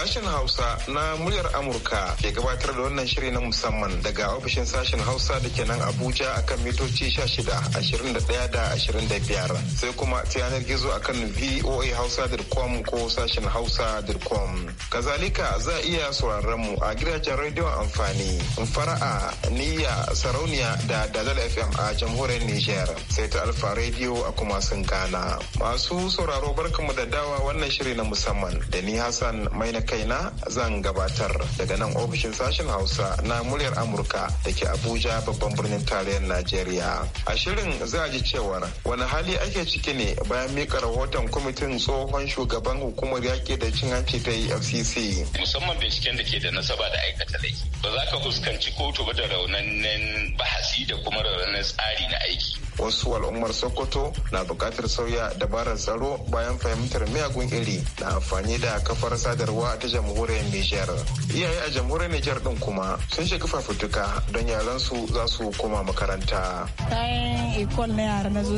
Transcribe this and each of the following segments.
Sashen Hausa na muryar Amurka ke gabatar da wannan shiri na musamman daga ofishin sashen Hausa da ke nan Abuja akan mitoci 16, 21 da 25. Sai kuma ta yanar gizo akan voahausa.com ko sashen hausa Hausa.com. Kazalika za a iya sauraron mu a gidajen rediyon amfani. Fara'a, Niyya, Sarauniya da Dalal FM a jamhuriyar Nijar. Sai ta Alfa Radio a kuma sun Ghana. Masu sauraro barkamu da dawa wannan shiri na musamman da ni Hassan Maina kaina zan gabatar daga nan ofishin sashen hausa na muryar amurka da ke abuja babban birnin tarayyar najeriya a shirin za ji cewar wani hali ake ciki ne bayan mika rahoton kwamitin tsohon shugaban hukumar yaƙi da cin hanci ta efcc musamman binciken da ke da nasaba da aikata laifi ba za ka fuskanci kotu ba da raunannen bahasi da kuma raunannen tsari na aiki wasu al'ummar sokoto na buƙatar sauya dabarar tsaro bayan fahimtar miyagun iri na amfani da kafar sadarwa ta jamhuriyar Nijar. Iyaye a jamhuriyar Nijar din kuma sun shiga fafutuka don yaran su za su koma makaranta. Kayan ikon na yara na zo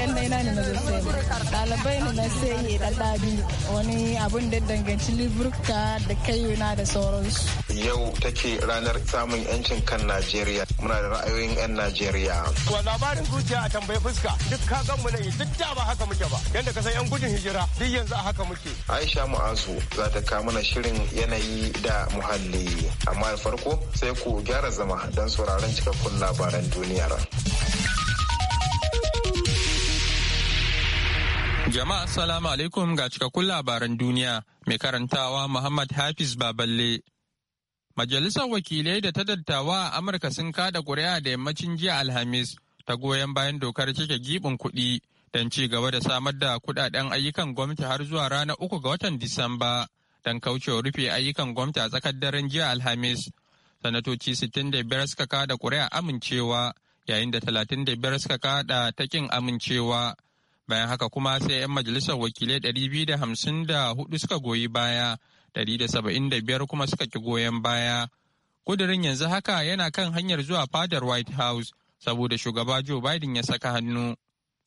yan na ne na zo dalibai ne na sai ya ɗaɗabi wani abun da danganci liburka da kayuna da sauransu. Yau take ranar samun 'yancin kan Najeriya. Muna da ra'ayoyin 'yan Najeriya. Ko labarin zuciya a tambayi fuska duk ka gan mu ne duk da ba haka muke ba. Yanda ka san 'yan gudun hijira duk yanzu a haka muke. Aisha Mu'azu za ta mana shirin yanayi da muhalli. Amma da farko sai ku gyara zama don sauraron cikakkun labaran duniyar. Jama'a salamu alaikum ga cikakkun labaran duniya mai karantawa Muhammad Hafiz Baballe. Majalisar wakilai da ta dattawa a Amurka sun kada ƙuri'a da yammacin jiya Alhamis ta goyon bayan dokar cike gibin kuɗi don ci gaba da samar da kuɗaɗen ayyukan gwamnati har zuwa ranar uku ga watan Disamba. don kaucewa rufe ayyukan gwamta a tsakar daren jiya alhamis sanatoci 65 suka kada kuri'a amincewa yayin da 35 suka kada ta kin amincewa bayan haka kuma sai 'yan majalisar wakilai 254 suka goyi baya 175 kuma suka ki goyon baya kudirin yanzu haka yana kan hanyar zuwa fadar white house saboda shugaba joe biden ya saka hannu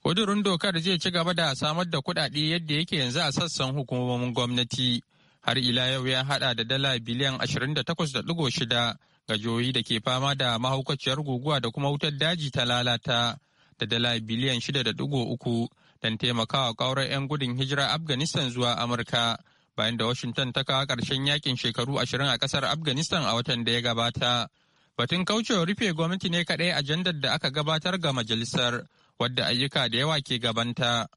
kudurin dokar zai ci gaba da samar da kudade yadda yake yanzu a sassan hukumomin gwamnati har ila yau ya hada da dala biliyan 28.6 ga joyi da ke fama da mahaukaciyar guguwa da kuma wutar daji ta lalata da dala biliyan 6.3 don taimakawa kaurar 'yan gudun hijira afghanistan zuwa amurka bayan da washington ta kawo karshen yakin shekaru 20 a kasar afghanistan a watan da ya gabata batun kaucewa rufe gwamnati ne kadai ajandar da aka gabatar ga majalisar wadda ayyuka da yawa ke gabanta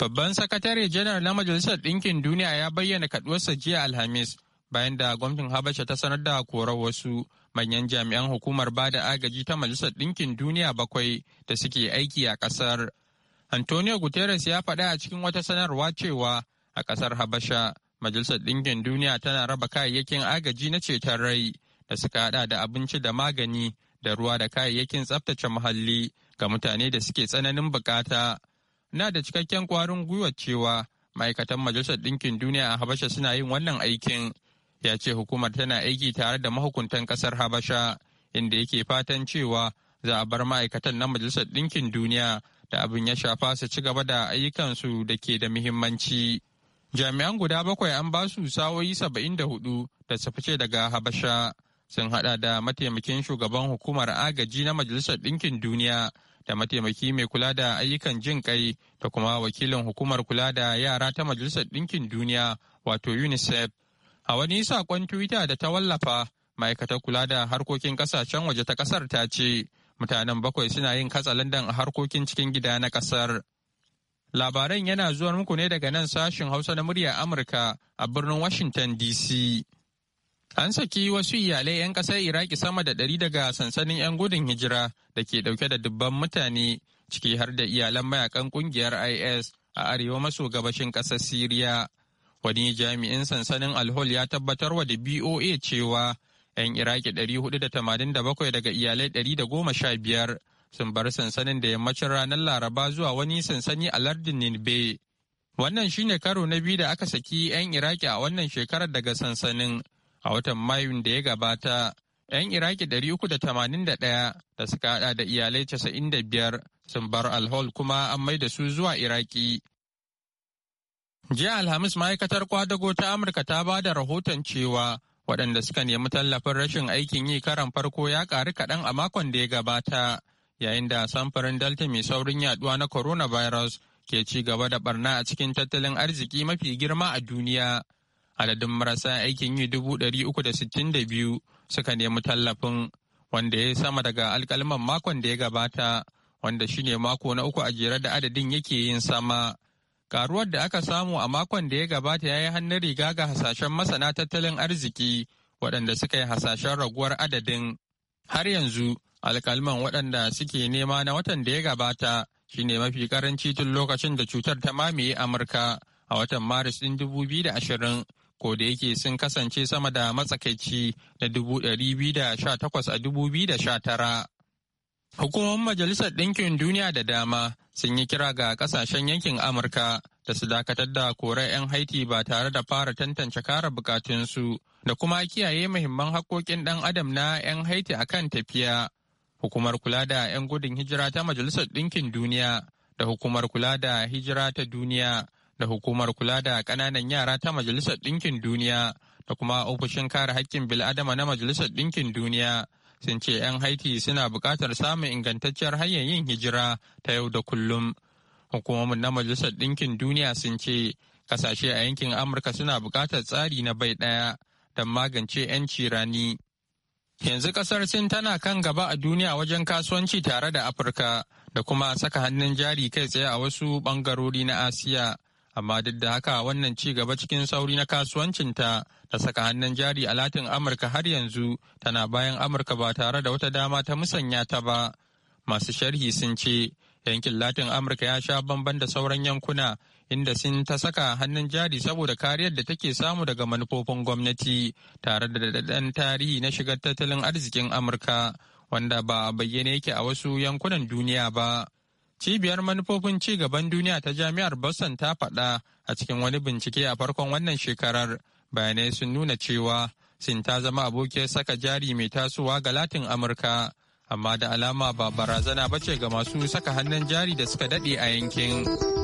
Babban sakatare janar na Majalisar Ɗinkin Duniya ya bayyana kaduwarsa jiya Alhamis bayan da gwamnatin Habasha ta sanar da korar wasu manyan jami'an hukumar ba da agaji ta Majalisar Ɗinkin Duniya bakwai da suke aiki a ƙasar. Antonio Guterres ya faɗa a cikin wata sanarwa cewa a ƙasar Habasha Majalisar Ɗinkin Duniya tana raba kayayyakin agaji na ceton rai da suka haɗa da abinci da magani da ruwa da kayayyakin tsaftace muhalli ga mutane da suke tsananin bukata. na da cikakken kwarin gwiwar cewa ma'aikatan majalisar ɗinkin duniya a habasha suna yin wannan aikin ya ce hukumar tana aiki tare da mahukuntan ƙasar habasha inda yake fatan cewa za a bar ma'aikatan na majalisar ɗinkin duniya da abin ya shafa su ci gaba da ayyukansu da ke da muhimmanci jami'an guda bakwai an ba su sawoyi saba'in da hudu da su fice daga habasha sun hada da mataimakin shugaban hukumar agaji na majalisar ɗinkin duniya da mataimaki mai kula da ayyukan jin kai da kuma wakilin hukumar kula da yara ta majalisar ɗinkin duniya wato unicef a wani saƙon twitter da ta wallafa ma'aikatar kula da harkokin ƙasashen waje ta ƙasar ta ce mutanen bakwai suna yin katsalandan a harkokin cikin gida na ƙasar labaran yana zuwa muku ne daga nan sashin hausa na muryar amurka a birnin washington dc An saki wasu iyalai 'yan ƙasar Iraki sama da ɗari daga sansanin 'yan gudun hijira da ke ɗauke da dubban mutane ciki har da iyalan mayakan ƙungiyar IS a arewa maso gabashin ƙasar Siriya. Wani jami'in sansanin Alhol ya tabbatar wa da BOA cewa 'yan Iraki 487 daga iyalai 115 sun bar sansanin da yammacin ranar Laraba zuwa wani sansani a lardin Ninbe. Wannan shine karo na biyu da aka saki 'yan Iraki a wannan shekarar daga sansanin. a watan mayun da ya gabata 'yan iraki 381 da suka hada da iyalai 95 sun bar alhol kuma an maida su zuwa iraki jiya alhamis ma'aikatar kwadago ta amurka ta ba da rahoton cewa waɗanda suka nemi tallafin rashin aikin yi karan farko ya ƙari kaɗan a makon da ya gabata yayin da samfurin delta mai saurin yaduwa na coronavirus ke ci gaba da barna a cikin tattalin arziki mafi girma a duniya adadin marasa aikin yi dubu ɗari sittin da biyu suka nemi tallafin wanda ya sama daga alkalman makon da ya gabata wanda shine mako na uku a jere da adadin yake yin sama karuwar da aka samu a makon da ya gabata ya yi hannun riga ga hasashen masana tattalin arziki waɗanda suka yi hasashen raguwar adadin har yanzu alkalman waɗanda suke nema na watan da ya gabata shine mafi karanci tun lokacin da cutar ta mamaye amurka a watan maris ɗin 2020 ko yake sun kasance sama da matsakaici da 218 a 2019. Hukumomin Majalisar Ɗinkin Duniya da dama sun yi kira ga ƙasashen yankin Amurka da su dakatar da korar 'yan Haiti ba tare da fara tantance kara bukatunsu da kuma kiyaye muhimman haƙoƙin ɗan adam na 'yan Haiti akan tafiya. Hukumar kula da 'yan gudun hijira ta Majalisar Ɗinkin Duniya da Hukumar kula da hijira ta duniya da hukumar kula da kananan yara ta Majalisar Ɗinkin Duniya da kuma ofishin kare haƙƙin bil'adama na Majalisar Ɗinkin Duniya sun ce 'yan Haiti suna buƙatar samun ingantacciyar hanyar yin hijira ta yau da kullum. Hukumomin na Majalisar Ɗinkin Duniya sun ce kasashe a yankin Amurka suna buƙatar tsari na bai ɗaya don magance 'yanci rani. Yanzu ƙasar Sin tana kan gaba a duniya wajen kasuwanci tare da Afirka da kuma saka hannun jari kai tsaye a wasu ɓangarori na Asiya. amma duk da haka wannan ci gaba cikin sauri na kasuwancinta ta saka hannun jari a latin amurka har yanzu tana bayan amurka ba tare da wata dama ta musanya ta ba masu sharhi sun ce yankin latin amurka ya sha bamban da sauran yankuna inda sun ta saka hannun jari saboda kariyar da take samu daga manufofin gwamnati tare da daɗaɗɗen tarihi na shigar tattalin arzikin amurka wanda ba a bayyane yake a wasu yankunan duniya ba. Cibiyar manufofin ci gaban duniya ta jami'ar Boston ta faɗa a cikin wani bincike a farkon wannan shekarar bayanai sun nuna cewa sin ta zama abokiyar saka jari mai tasowa ga Latin Amurka, amma da alama ba barazana ba ce ga masu saka hannun jari da suka daɗe a yankin.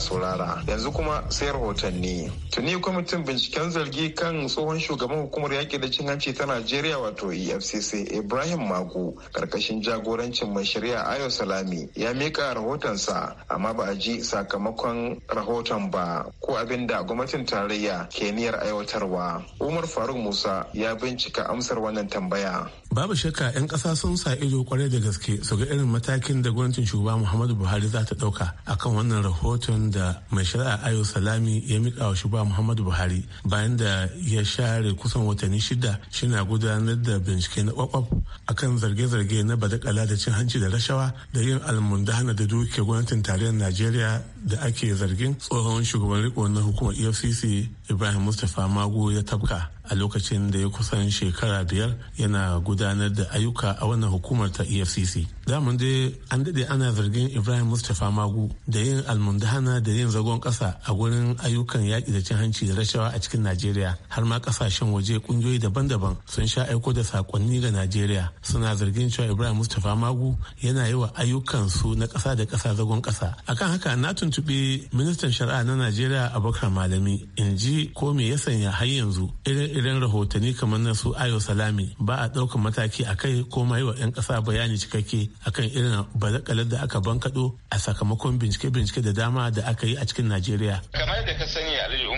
saurara yanzu kuma sai rahotanni tuni kwamitin binciken zargi kan tsohon shugaban hukumar yaƙi da cin hanci ta najeriya wato efcc ibrahim magu karkashin jagorancin mai shari'a ayo salami ya miƙa rahotonsa amma ba a ji sakamakon rahoton ba ko abin da gwamnatin tarayya ke niyyar aiwatarwa umar faruk musa ya bincika amsar wannan tambaya babu shakka 'yan ƙasa sun sa ido kwarai da gaske su ga irin matakin da gwamnatin shugaba muhammadu buhari za ta ɗauka akan wannan rahoton da mai shari'a ayo salami ya mika wa shugaba muhammadu buhari bayan da ya share kusan watanni shida shina gudanar da bincike na kwakwaf akan zarge-zarge na badakala da cin hanci da rashawa da yin almundahana da duke gwamnatin tarayyar najeriya da ake zargin tsohon shugaban riko na hukumar efcc ibrahim mustapha mago ya tabka a lokacin da ya kusan shekara biyar yana gudanar da ayyuka a wannan hukumar ta efcc daman dai an dade ana zargin ibrahim mustapha magu da yin almundahana da yin zagon kasa a gurin ayyukan yaƙi da cin hanci da rashawa a cikin najeriya har ma kasashen waje ƙungiyoyi daban-daban sun sha aiko da sakonni ga najeriya suna zargin cewa ibrahim mustapha magu yana yi wa ayyukansu na ƙasa da kasa zagon ƙasa akan haka na tuntuɓi ministan shari'a na najeriya abubakar malami in ji ko me ya sanya har yanzu irin-irin rahotanni kamar na su ayo salami ba a ɗaukar mataki a kai ko ma yi wa 'yan ƙasa bayani cikakke akan irin balakalar da aka bankaɗo a sakamakon bincike-bincike da dama da aka yi a cikin najeriya kamar da ka sani aliyu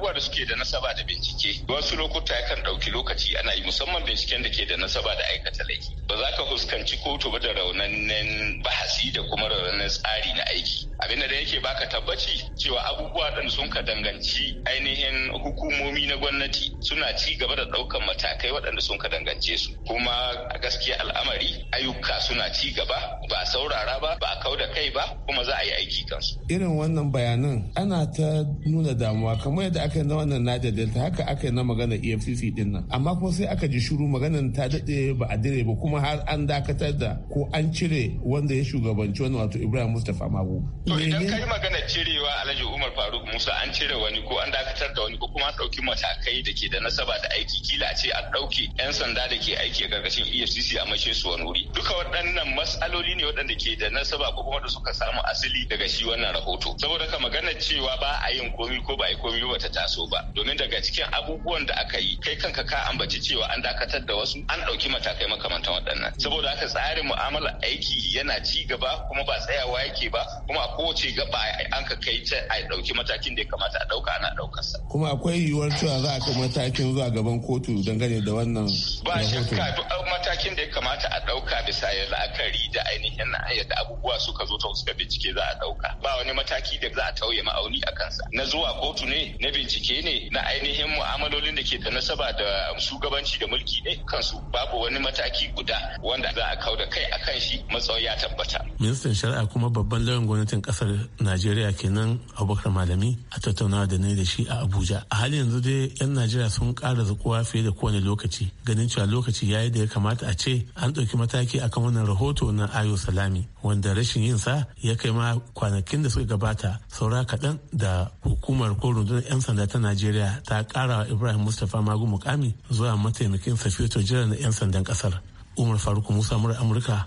abubuwa da suke da nasaba da bincike wasu lokuta yakan ɗauki lokaci ana yi musamman binciken da ke da nasaba da aikata laifi ba za ka fuskanci kotu ba da raunannen bahasi da kuma raunannen tsari na aiki abinda da yake baka tabbaci cewa abubuwa ɗin sun ka danganci ainihin hukumomi na gwamnati suna ci gaba da ɗaukan matakai waɗanda sun ka dangance su kuma a gaskiya al'amari ayyuka suna ci gaba ba saurara ba ba kau da kai ba kuma za a yi aiki kansu irin wannan bayanan ana ta nuna damuwa kamar yadda aka yi na wannan Niger Delta haka aka yi na magana EFCC din nan amma kuma sai aka ji shiru maganan ta daɗe ba a dire ba kuma har an dakatar da ko an cire wanda ya shugabanci wani wato Ibrahim Mustapha Mago. To idan ka yi magana cirewa Alhaji Umar Faruk Musa an cire wani ko an dakatar da wani ko kuma an ɗauki matakai da ke da nasaba da aiki kila a ce an ɗauki 'yan sanda da ke aiki a ƙarƙashin EFCC a mashe su wani wuri. Duka waɗannan matsaloli ne waɗanda ke da nasaba ko kuma da suka samu asali daga shi wannan rahoto. Saboda ka magana cewa ba a yin komi ko ba a yi komi ba ta taso ba domin daga cikin abubuwan da aka yi kai kanka ka ambaci cewa an dakatar da wasu an ɗauki matakai makamantan waɗannan saboda haka tsarin mu'amala aiki yana ci gaba kuma ba tsayawa yake ba kuma a kowace gaba an ka kai ta a ɗauki matakin da ya kamata a ɗauka ana sa kuma akwai yiwuwar cewa za a kai matakin zuwa gaban kotu dangane da wannan ba shakka matakin da ya kamata a ɗauka bisa ya la'akari da ainihin na yadda abubuwa suka zo ta suka bincike za a ɗauka ba wani mataki da za a tauye ma'auni a kansa na zuwa kotu ne na bincike bincike ne na ainihin mu'amalolin da ke da nasaba da shugabanci da mulki ne kansu babu wani mataki guda wanda za a kau da kai akan shi matsayi ya tabbata. Ministan Shari'a kuma babban lauyan gwamnatin kasar Najeriya kenan Abubakar Malami a tattaunawa da ni da shi a Abuja. A halin yanzu dai 'yan Najeriya sun kara zukuwa fiye da kowane lokaci ganin cewa lokaci ya da ya kamata a ce an ɗauki mataki akan wannan rahoto na Ayo Salami wanda rashin yin sa ya kai ma kwanakin da suka gabata saura kaɗan da hukumar ko rundunar 'yan sanda sanda ta najeriya ta kara wa ibrahim mustapha magu mukami zuwa mataimakin jira jiran 'yan sandan kasar umar faruk musa mura amurka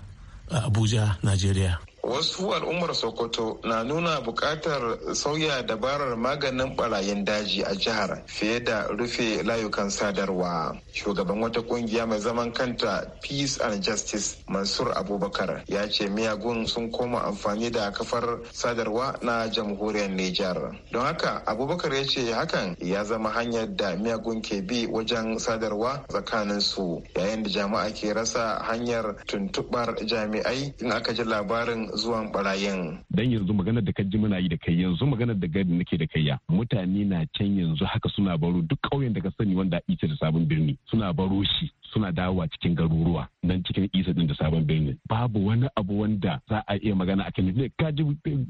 a abuja najeriya wasu al'ummar sokoto na nuna buƙatar sauya dabarar maganin barayin daji a jihar fiye da rufe layukan sadarwa shugaban wata kungiya mai zaman kanta peace and justice mansur abubakar ya ce miyagun sun koma amfani da kafar sadarwa na jamhuriyar niger don haka abubakar ya ce hakan ya zama hanyar da miyagun ke bi wajen sadarwa tsakanin su yayin da jama'a ke rasa hanyar tuntubar jami'ai in aka ji labarin zuwan barayin. Dan yanzu maganar da ka ji muna yi da kai yanzu maganar da gari nake da kai ya mutane na can yanzu haka suna baro duk ƙauyen da ka sani wanda ita da sabon birni suna baro shi suna dawowa cikin garuruwa nan cikin isa din da sabon birni babu wani abu wanda za a iya magana a kan ne ka ji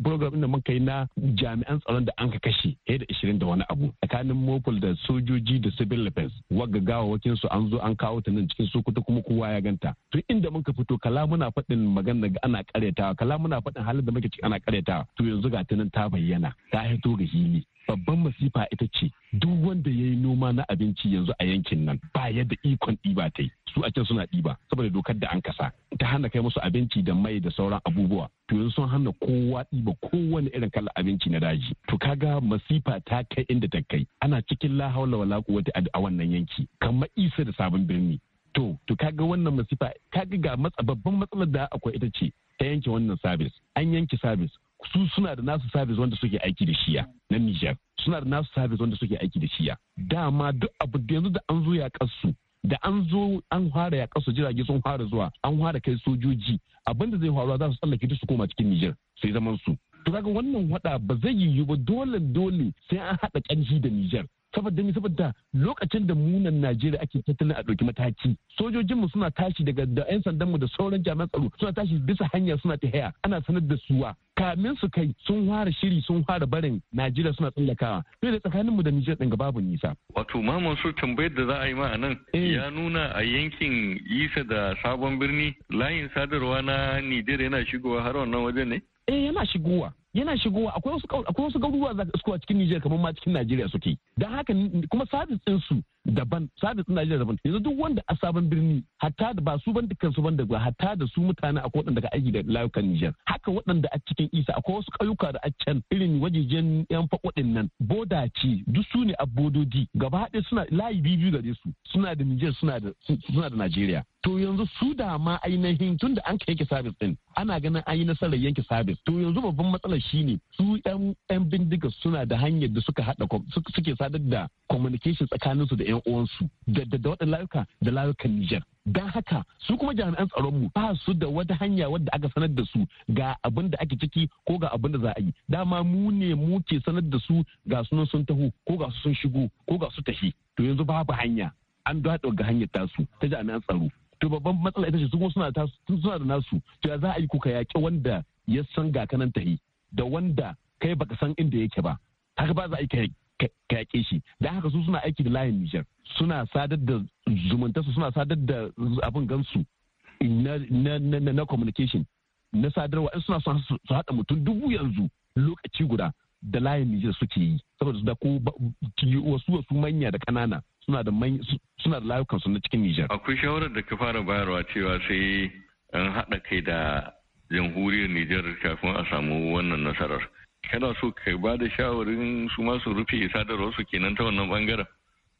program din mun kai na jami'an tsaron da an ka kashe he da 20 da wani abu tsakanin mopul da sojoji da civil defense wagga gawawakin su an zo an kawo ta nan cikin sokoto kuma kowa ya ganta to inda muka fito kala muna faɗin magana ga ana karyatawa kala ƙarara muna faɗin halin da muke ciki ana karyata to yanzu ga tunan ta bayyana ta hito ga hili babban masifa ita ce duk wanda ya yi noma na abinci yanzu a yankin nan ba yadda ikon ɗiba ta yi su a can suna ɗiba saboda dokar da an kasa ta hana kai musu abinci da mai da sauran abubuwa to yanzu sun hana kowa ɗiba kowane irin kala abinci na daji to kaga masifa ta kai inda ta kai ana cikin la wala quwwata a wannan yanki kamar isa da sabon birni to to kaga wannan masifa kaga ga babban matsalar da akwai ita ce ta yanke wannan sabis an yanke sabis su suna da nasu sabis wanda suke aiki da shiya na Nijar suna da nasu sabis wanda suke aiki da shiya dama duk abu da yanzu da an zo ya kasu da an zo an fara ya kasu jirage sun hara zuwa an hara kai sojoji abinda zai faruwa za su tsallake su koma cikin Nijar sai zaman su to kaga wannan hada ba zai yiwu ba dole dole sai an hada kanji da Nijar saboda mi saboda lokacin da munan Najeriya ake tattalin a ɗauki mataki sojojin mu suna tashi daga da 'yan sandan mu da sauran jami'an tsaro suna tashi bisa hanya suna ta haya ana sanar da suwa kamin su kai sun fara shiri sun fara barin Najeriya suna tsallakawa sai da tsakanin tsakaninmu da Nijar din babu nisa. Wato Maman su tambayar da za a yi ma nan eh. ya nuna a yankin Isa da Sabon Birni layin sadarwa na Nijar yana shigowa har wannan wajen ne? Eh yana shigowa yana shigowa akwai wasu garuruwa za su a cikin Nijar kamar ma cikin Najeriya suke don haka kuma sabis din su daban sabis din Najeriya daban yanzu duk wanda a sabon birni hatta da ba su ban dukkan su ban da hatta da su mutane akwai waɗanda ka aiki da layukan Nijar haka waɗanda a cikin Isa akwai wasu ƙauyuka da a can irin wajejen yan fakwadin nan boda ce duk su ne abododi gaba haɗe suna layi biyu da su suna da Nijar suna da suna da Najeriya to yanzu su da ma ainihin tunda an ka yanke sabis din ana ganin an yi nasarar yanke sabis to yanzu babban matsalar shine su yan bindiga suna da hanyar da suka hada suke sadar da communication tsakaninsu da yan uwansu da da wadannan layuka da layukan Nijar. Don haka su kuma jami'an tsaron mu ba su da wata hanya wadda aka sanar da su ga abin da ake ciki ko ga abin da za a yi. Dama mu ne mu ke sanar da su ga sunan sun taho ko ga su sun shigo ko ga su tafi. To yanzu babu hanya. An daɗo ga hanyar tasu ta jami'an tsaro. To babban matsala ita ce su kuma suna da nasu. To za a yi kuka yaƙi wanda ya san ga kanan tahi. da wanda kai baka san inda yake ba haka ba za a yi ka yaƙe shi da haka su suna aiki da layin Nijar suna sadar da zumuntarsu suna sadar da abin gansu na communication na sadarwa in suna su haɗa mutum dubu yanzu lokaci guda da layin Nijar suke yi saboda da ko wasu wasu manya da ƙanana suna da suna da layukan na cikin Nijar akwai shawarar da ka fara bayarwa cewa sai an haɗa kai da jamhuriyar Nijar kafin a samu wannan nasarar. Kana so ka ba da shawarin su masu rufe sadarwar su kenan ta wannan bangaren?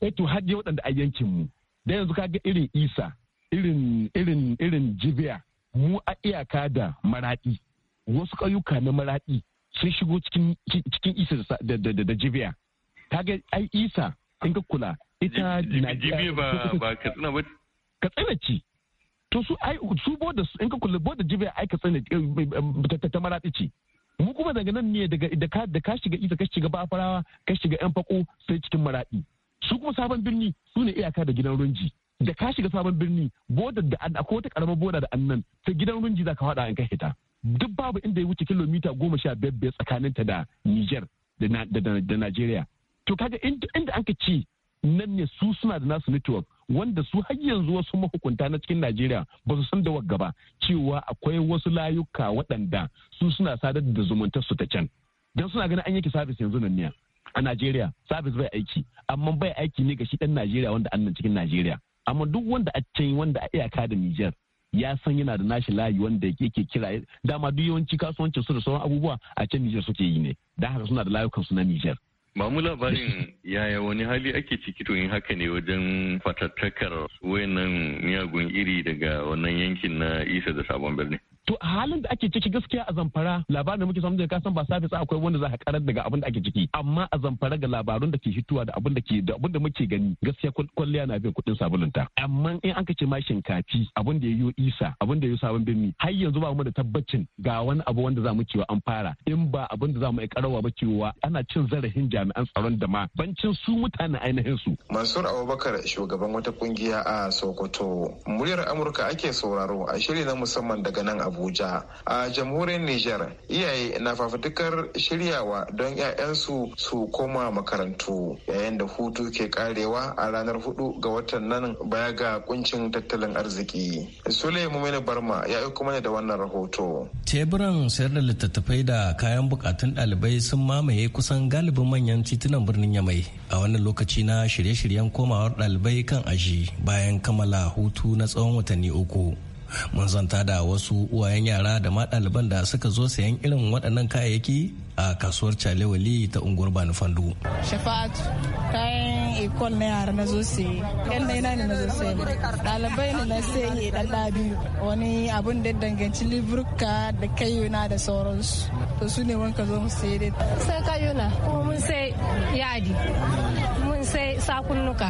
Eh to har waɗanda a yankin mu. Da yanzu kaga irin Isa, irin irin irin Jibiya, mu a iyaka da Maraɗi. Wasu ƙauyuka na Maraɗi sun shigo cikin cikin Isa da da Jibiya. Kaga ai Isa in ka kula ita Jibiya ba ba Katsina ba Katsina ce. to su ai su boda in ka kulle boda jibe ai ka tsane eh, eh, ta maradi ce mu kuma daga nan ne daga da ka shiga isa ka shiga bafarawa ka shiga yan fako sai cikin maradi su kuma sabon birni su ne iyaka da gidan runji da ka shiga sabon birni boda da akwai wata karamar boda da annan ta gidan runji za ka faɗa in ka hita duk babu inda ya wuce kilomita goma sha biyar ta da Niger da Najeriya. To kaga inda an ka ce nan ne su suna da nasu network wanda su har yanzu wasu mahukunta na cikin Najeriya ba su san da wagga ba cewa akwai wasu layuka waɗanda su suna sadar da zumuntar su ta can. Don suna ganin an yake sabis yanzu nan ne a Najeriya sabis bai aiki amma bai aiki ne ga shi ɗan Najeriya wanda an nan cikin Najeriya. Amma duk wanda a can wanda a iyaka da Nijar ya san yana da nashi layi wanda yake kira dama duk yawanci kasuwancin su da sauran abubuwa a can Nijar suke yi ne. Da haka suna da layukan su na Nijar. bamu mu labarin yaya wani hali ake ciki to in haka ne wajen fatattakar wayannan miyagun iri daga wannan yankin na isa da sabon birni. to a halin da ake ciki gaskiya a zamfara labarin da muke samu daga kasan ba safi akwai wanda za a karar daga abin da ake ciki amma a zamfara ga labarun da ke hituwa da abin da ke da abin da muke gani gaskiya kwalliya na bin kuɗin sabulunta amma in an ce ma shinkafi abin da yayo isa abin da yayo sabon birni har yanzu ba mu da tabbacin ga wani abu wanda za mu cewa an fara in ba abin da za mu yi karawa ba cewa ana cin zarafin jami'an tsaron da ma bancin su mutane ainihin su Mansur Abubakar shugaban wata kungiya a Sokoto muryar Amurka ake sauraro a shiri na musamman daga nan a Abuja. A jamhuriyar Nijar, iyaye na fafutukar shiryawa don 'ya'yansu su koma makarantu yayin da hutu ke karewa a ranar hudu ga watan nan baya ga kuncin tattalin arziki. Sule Mumini Barma ya aiko mana da wannan rahoto. Teburan sayar da littattafai da kayan bukatun ɗalibai sun mamaye kusan galibin manyan titunan birnin Yamai a wannan lokaci na shirye-shiryen komawar ɗalibai kan aji bayan kammala hutu na tsawon watanni uku. mun zanta da wasu uwayen yara da ma ɗaliban da suka zo sayan irin waɗannan kayayyaki a kasuwar Chalewali ta unguwar Bani Fandu. Shafa'atu kayan ikon na yara na zo yan daina ne na zo ɗalibai ne na saye ɗaɗa biyu wani abun da danganci liburka da kayuna da sauransu. To su ne wanka zo mu saye dai. Sai kayuna, kuma mun sai yadi. sai sakunnuka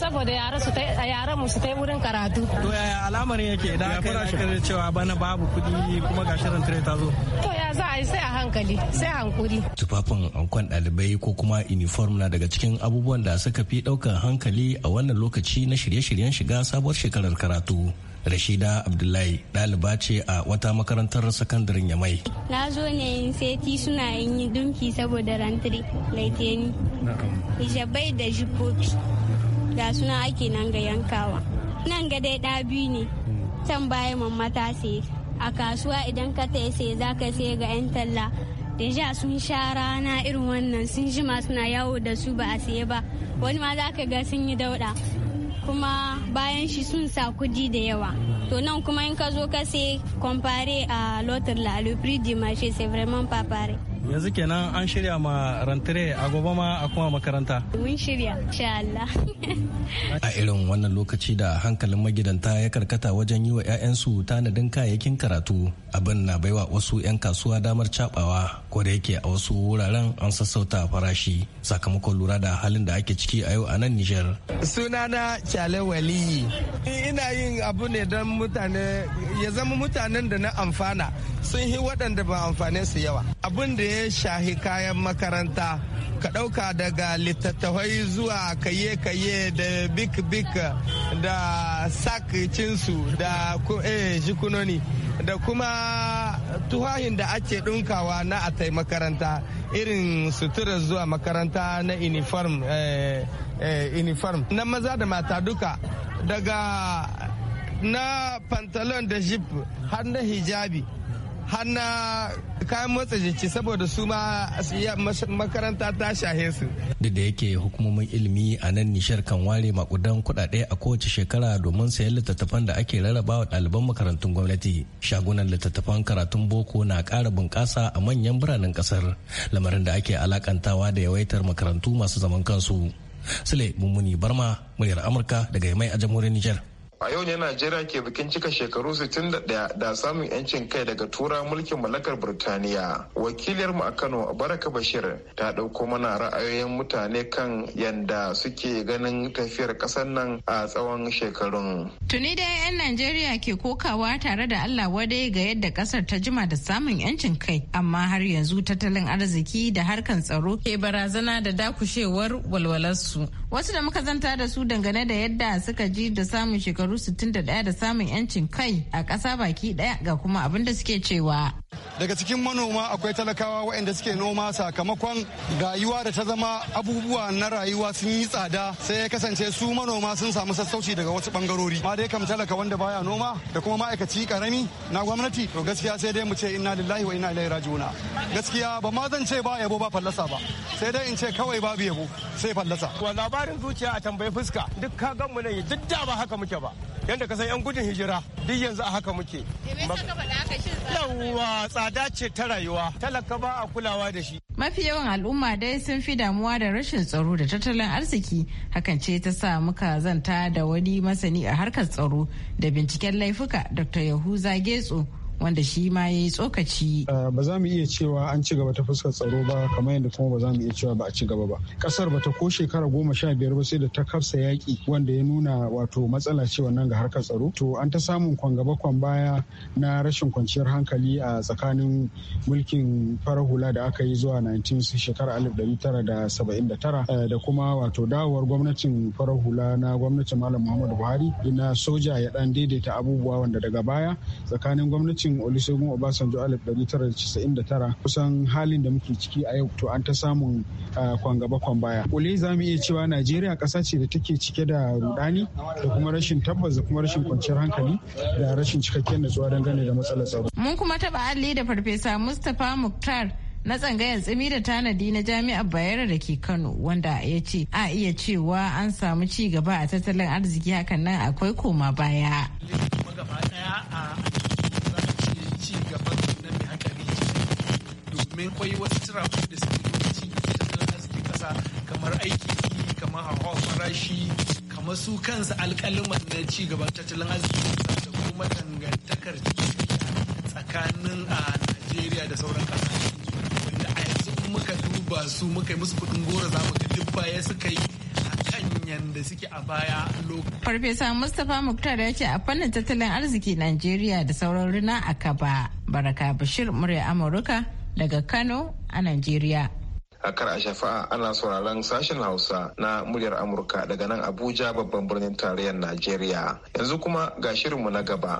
saboda yara su ta yara mu su ta wurin karatu to ya alamar yake idan aka yi cewa bana babu kuɗi kuma ga shirin tire ta zo to ya za a yi sai a hankali sai hankuri tufafin ankon ɗalibai ko kuma uniform na daga cikin abubuwan da suka fi ɗaukar hankali a wannan lokaci na shirye-shiryen shiga sabuwar shekarar karatu Rashida Abdullahi ɗaliba ce a wata makarantar sakandaren Yamai. Na zo ne in seti suna yin dunki saboda rantiri laiteni. Hijabai da jibobi. Da suna ake nan ga yankawa. Nan ga dai ɗa ne. Hmm. Can baya mamma ta A kasuwa idan ka ta sai za ka sai ga 'yan talla. da Deja sun sha rana irin wannan sun jima suna yawo da su ba a saye ba. Wani ma za ka ga sun yi dauɗa. kuma bayan shi sun sa kudi da yawa to nan kuma in ka zo ka sai compare a lotar la le prix du marché c'est vraiment pas yanzu kenan an shirya ma rantare a gobe ma a kuma makaranta mun shirya insha Allah a irin wannan lokaci da hankalin magidanta ya karkata wajen yi wa 'ya'yansu tanadin kayayyakin karatu abin na baiwa wasu 'yan kasuwa damar cabawa ko da yake a wasu wuraren an sassauta farashi sakamakon lura da halin da ake ciki a yau a nan Nijar. Sunana Chale Wali Ina yin abu ne don mutane ya zama mutanen da na amfana sun yi waɗanda ba amfane su yawa. Abin da ya shahi kayan makaranta ka ɗauka daga littattafai zuwa kaye-kaye da bik-bik da sakicinsu da eh, jikunoni da kuma tuhahin da ake ɗunkawa na atai makaranta irin sutura zuwa makaranta na eh, eh, uniform na maza da mata duka daga na pantalon da jip har na hijabi har kayan motsa jiki saboda su ma makaranta ta shahe su. Duk da yake hukumomin ilimi a nan nishar kan ware makudan kudade a kowace shekara domin sayan littattafan da ake rarraba wa ɗaliban makarantun gwamnati. Shagunan littattafan karatun boko na ƙara bunƙasa a manyan biranen ƙasar lamarin da ake alakantawa da yawaitar makarantu masu zaman kansu. Sule Mummuni Barma, muryar Amurka daga Yamai a jamhuriyar Nijar. a yau ne najeriya ke bikin cika shekaru 61 da samun yancin kai daga tura mulkin mallakar burtaniya wakiliyarmu a kano baraka bashir ta dauko mana ra'ayoyin mutane kan yanda suke ganin tafiyar kasar nan a tsawon shekarun tuni dai 'yan najeriya ke kokawa tare da allah wadai ga yadda kasar ta jima da samun yancin kai amma har yanzu tattalin arziki da harkan tsaro ke barazana da dakushewar walwalarsu wasu da muka zanta da su dangane da yadda suka ji da samun shekaru shekaru 61 da samun 'yancin kai a ƙasa baki daya ga kuma abin da suke cewa. Daga cikin manoma akwai talakawa waɗanda suke noma sakamakon rayuwa da ta zama abubuwa na rayuwa sun yi tsada sai ya kasance su manoma sun samu sassauci daga wasu bangarori. Ma dai kam talaka wanda baya noma da kuma ma'aikaci karami na gwamnati to gaskiya sai dai mu ce inna lillahi wa inna ilaihi raji'una. Gaskiya ba ma zan ce ba yabo ba fallasa ba sai dai in ce kawai babu yabo sai fallasa. Wa labarin zuciya a tambayi fuska duk ka gan mu ne duk da ba haka muke ba. yadda ka san 'yan gudun hijira duk yanzu a haka muke. Eh, Yawwa tsada ce ta rayuwa talaka ba a kulawa da shi. Mafi yawan al'umma dai sun fi damuwa da rashin tsaro da tattalin arziki hakan ce ta sa muka zanta da wani masani a harkar tsaro da binciken laifuka Dr. Yahuza Getso wanda shi ma ya yi tsokaci. Ba za mu iya cewa an ci gaba ta fuskar tsaro ba kamar yadda kuma ba za mu iya cewa ba a ci gaba ba. Kasar ba ta ko shekara goma sha biyar ba sai da ta kafsa yaƙi wanda ya nuna wato matsala ce wannan ga harkar tsaro. To an ta samun kwan gaba kwan baya na rashin kwanciyar hankali a tsakanin mulkin farar hula da aka yi zuwa 19 shekara 1979 eh, da kuma wato dawowar gwamnatin farar hula na gwamnatin Malam Muhammadu Buhari ina soja ya dan daidaita abubuwa wanda daga baya tsakanin gwamnatin mulkin Olusegun Obasanjo 1999 kusan halin da muke ciki a yau to an ta samun ah, kwan gaba kwan baya. Ole za mu iya cewa Najeriya ƙasa ce da take cike da rudani da kuma rashin tabbas da kuma rashin kwanciyar hankali da rashin cikakken natsuwa dangane da matsalar tsaro. Mun kuma taɓa alli da Farfesa Mustapha mukhtar na tsangayar tsimi da tanadi na jami'ar bayero da ke kano wanda ya ce a iya cewa an samu ci gaba a tattalin arziki hakan nan akwai koma baya domin kwai wasu turafin da suke yawanci da suke tattalin suke kasa kamar aiki kamar hawa farashi kamar su kansu alkaliman na ci gaban tattalin arzikin kasa da kuma dangantakar tsakanin a Najeriya da sauran kasashe wanda a yanzu muka duba su muka yi musu kudin goro za mu ga duk baya suka yi suke a baya lokacin. Farfesa Mustapha Muktar ya ce a fannin tattalin arziki Najeriya da sauran runa a kaba. Baraka Bashir murya Amurka daga Kano a Najeriya. a kar a shafa'a ana sauraron sashen hausa na muryar amurka daga nan abuja babban birnin tarayyar najeriya yanzu kuma ga shirinmu na gaba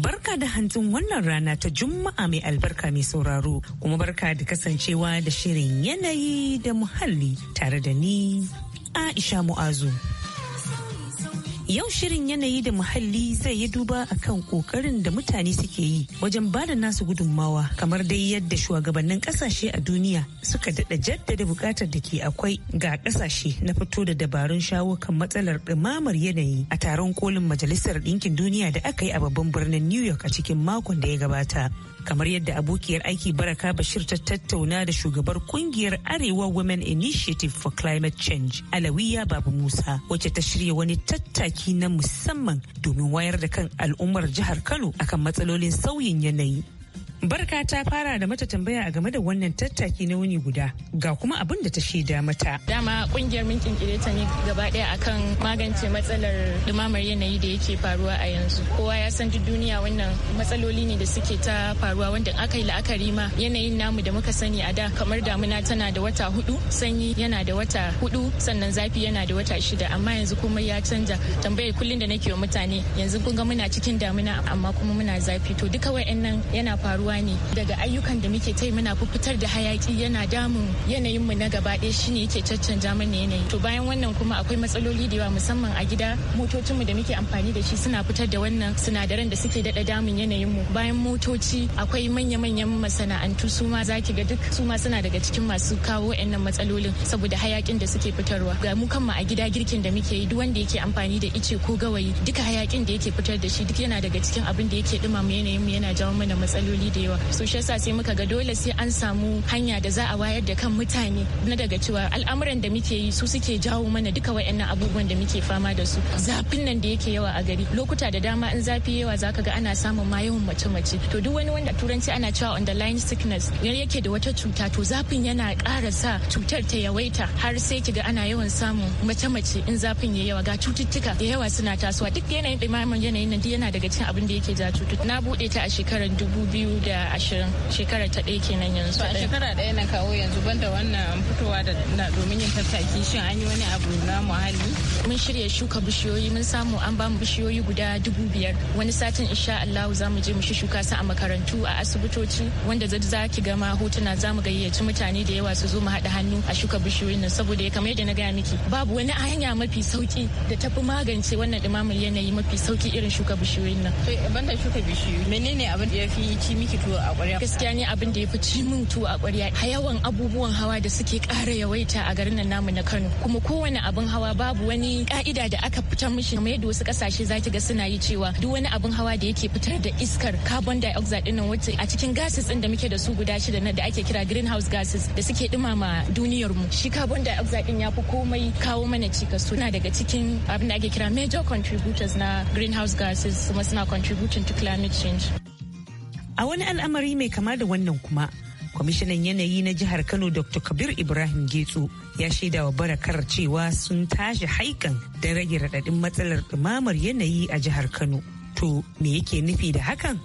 barka da hantun wannan rana ta juma'a mai albarka mai sauraro kuma barka da kasancewa da shirin yanayi da muhalli tare da ni Aisha Mu'azu. Yau shirin yanayi da muhalli zai yi duba a kan ƙoƙarin da mutane suke yi wajen ba da nasu gudunmawa kamar dai yadda shugabannin ƙasashe a duniya suka daɗa jaddada buƙatar da ke akwai ga ƙasashe na fito da dabarun shawo kan matsalar ɗumamar yanayi a taron kolin majalisar ɗinkin duniya da aka yi a babban birnin New York a cikin makon da ya gabata. kamar yadda abokiyar aiki baraka bashir ta tattauna da shugabar kungiyar arewa women initiative for climate change alawiya babu musa wacce ta shirya wani tattaki na musamman domin wayar da kan al'ummar jihar kano akan matsalolin sauyin yanayi Barka ta fara da mata tambaya a game da wannan tattaki na wuni guda ga kuma abin da ta shaida mata. Dama kungiyar mun kinkire ta ne gaba daya akan magance matsalar dumamar yanayi da yake faruwa a yanzu. Kowa ya san duk duniya wannan matsaloli ne da suke ta faruwa wanda aka yi la'akari ma yanayin namu da muka sani a da kamar damuna tana da wata hudu sanyi yana da wata hudu sannan zafi yana da wata shida amma yanzu kuma ya canja tambayar kullum da nake wa mutane yanzu kun ga muna cikin damuna amma kuma muna zafi to duka wa'annan yana faruwa faruwa ne daga ayyukan da muke ta muna fitar da hayaki yana damun yanayin mu na gaba ɗaya shine yake caccanja mana yanayi to bayan wannan kuma akwai matsaloli da yawa musamman a gida motocin mu da muke amfani da shi suna fitar da wannan sinadaran da suke dada damun yanayin mu bayan motoci akwai manya-manyan masana'antu su ma zaki ga duk su ma suna daga cikin masu kawo 'yannan matsalolin saboda hayakin da suke fitarwa ga mu kanmu a gida girkin da muke yi duk wanda yake amfani da ice ko gawayi duka hayakin da yake fitar da shi duk yana daga cikin abin da yake ɗumama yanayin mu yana jawo mana matsaloli da da yawa so shi yasa sai muka ga dole sai an samu hanya da za a wayar da kan mutane na daga cewa al'amuran da muke yi su suke jawo mana duka wayannan abubuwan da muke fama da su zafin nan da yake yawa a gari lokuta da dama in zafi yawa zaka ga ana samun ma yawan mace-mace to duk wani wanda turanci ana cewa underlying sickness yake da wata cuta to zafin yana ƙara sa cutar ta yawaita har sai ki ga ana yawan samun mace-mace in zafin ya yawa ga cututtuka da yawa suna tasowa duk yanayin ɗimamin yanayin nan yana daga cikin abin da yake ja cututtuka na buɗe ta a shekarar dubu biyu da da ashirin shekara ta ɗaya kenan yanzu. a shekara ɗaya na kawo yanzu banda wannan fitowa da domin yin tattaki shin an yi wani abu na muhalli? mun shirya shuka bishiyoyi mun samu an bamu bishiyoyi guda dubu biyar wani satin insha Allah za mu je mu shuka su a makarantu a asibitoci wanda za ki gama hotuna za mu gayyaci mutane da yawa su zo mu haɗa hannu a shuka bishiyoyin nan saboda ya kamar yadda na gaya miki babu wani hanya mafi sauki da tafi magance wannan ɗumamar yanayi mafi sauki irin shuka bishiyoyin nan. Eh, banda shuka bishiyoyi menene abin da ya fi ci miki tuwo a ƙwarya? Gaskiya ne abin da ya fi ci min tuwo a ƙwarya yawan abubuwan hawa da suke ƙara yawaita a garin nan namu na Kano kuma kowane abin hawa babu wani ka'ida da aka fitar mishi kamar yadda wasu kasashe za ki ga suna yi cewa duk wani abin hawa da yake fitar da iskar carbon dioxide dinnan wacce a cikin gases din da muke da su guda shida na da ake kira greenhouse gases da suke dumama duniyar mu shi carbon dioxide din ya fi komai kawo mana cika. suna daga cikin abin da ake kira major contributors na greenhouse gases kuma suna contributing to climate change a wani al'amari mai kama da wannan kuma kwamishinan yanayi na jihar kano dr kabir ibrahim getso ya shaida wa barakar cewa sun tashi haikan don rage raɗaɗin matsalar ɗumamar yanayi a jihar kano to me yake nufi da hakan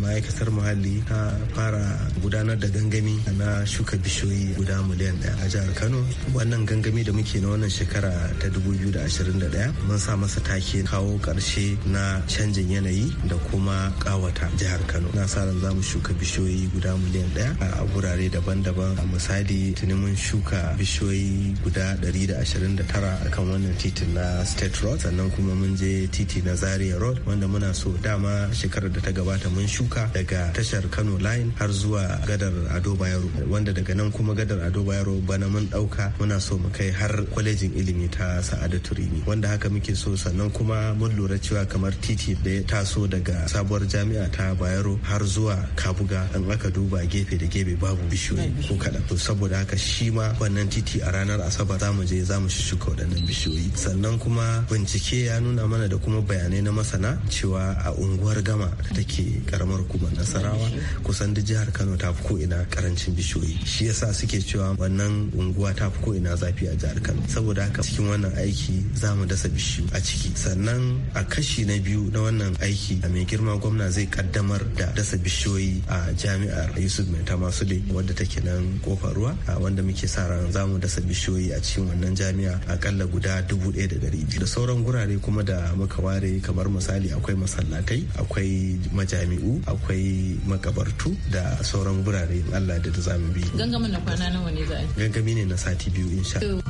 ma'aikatar muhalli ta fara gudanar da gangami na shuka bishiyoyi guda miliyan daya a jihar kano wannan gangami da muke na wannan shekara ta 2021 mun sa masa take kawo karshe na canjin yanayi da kuma kawata jihar kano na sa ran za mu shuka bishiyoyi guda miliyan daya a gurare daban-daban a misali tuni mun shuka bishiyoyi guda 129 akan wannan titin na state road sannan kuma mun je titi na zaria road wanda muna so dama shekarar da ta gabata mun shuka shuka daga tashar kano line har zuwa gadar ado bayero wanda daga nan kuma gadar ado bayero bana mun dauka muna so mu kai har kwalejin ilimi ta saada turini wanda haka muke so sannan kuma mun lura cewa kamar titi da ya taso daga sabuwar jami'a ta bayero har zuwa kabuga in aka duba gefe da gefe babu bishiyoyi ko kaɗan to saboda haka shi ma wannan titi a ranar asabar za mu je za mu shuka waɗannan bishiyoyi sannan kuma bincike ya nuna mana da kuma bayanai na masana cewa a unguwar gama da take karamar karamar kuma nasarawa kusan duk jihar kano ta fi ko ina karancin bishiyoyi shi yasa suke cewa wannan unguwa ta fi ko ina zafi a jihar kano saboda haka cikin wannan aiki za mu dasa bishiyu a ciki sannan a kashi na biyu na wannan aiki a mai girma gwamna zai kaddamar da dasa bishiyoyi a jami'ar yusuf mai ta masule. wadda take nan kofar ruwa wanda muke sa ran za mu dasa bishiyoyi a cikin wannan jami'a akalla guda dubu ɗaya da ɗari biyu da sauran gurare kuma da muka ware kamar misali akwai masallatai akwai majami'u akwai makabartu da sauran burare Allah da za mu bi gangamin kwana nawa ne za gangami ne na sati biyu insha to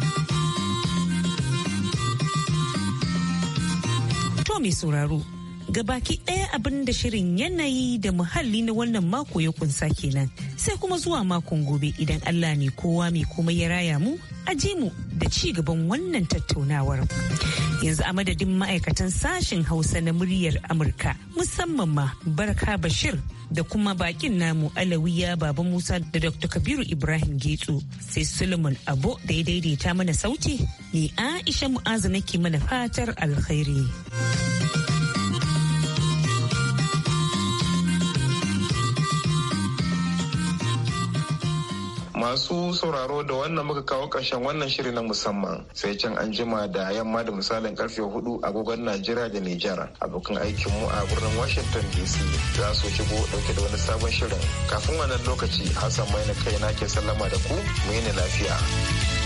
mai sauraro baki ɗaya abin da shirin yanayi da muhalli na wannan mako ya kunsa kenan sai kuma zuwa makon gobe idan Allah ne kowa mai kuma ya raya mu aji mu da ci gaban wannan tattaunawar. yanzu a madadin ma'aikatan sashen hausa na muryar amurka musamman ma barka bashir da kuma bakin namu alawiya baba musa da dr kabiru ibrahim getso sai solomon abo da ya daidaita mana sauti ni aisha mu'azu nake mana fatar alkhairi. masu sauraro da wannan muka kawo ƙarshen wannan shiri na musamman sai can an jima da yamma da misalin karfe hudu agogon najeriya da nijar abokan aikinmu a birnin washington dc za su shigo dauke da wani sabon shirin kafin wannan lokaci hassan mai na kai na ke sallama da ku mu yi lafiya.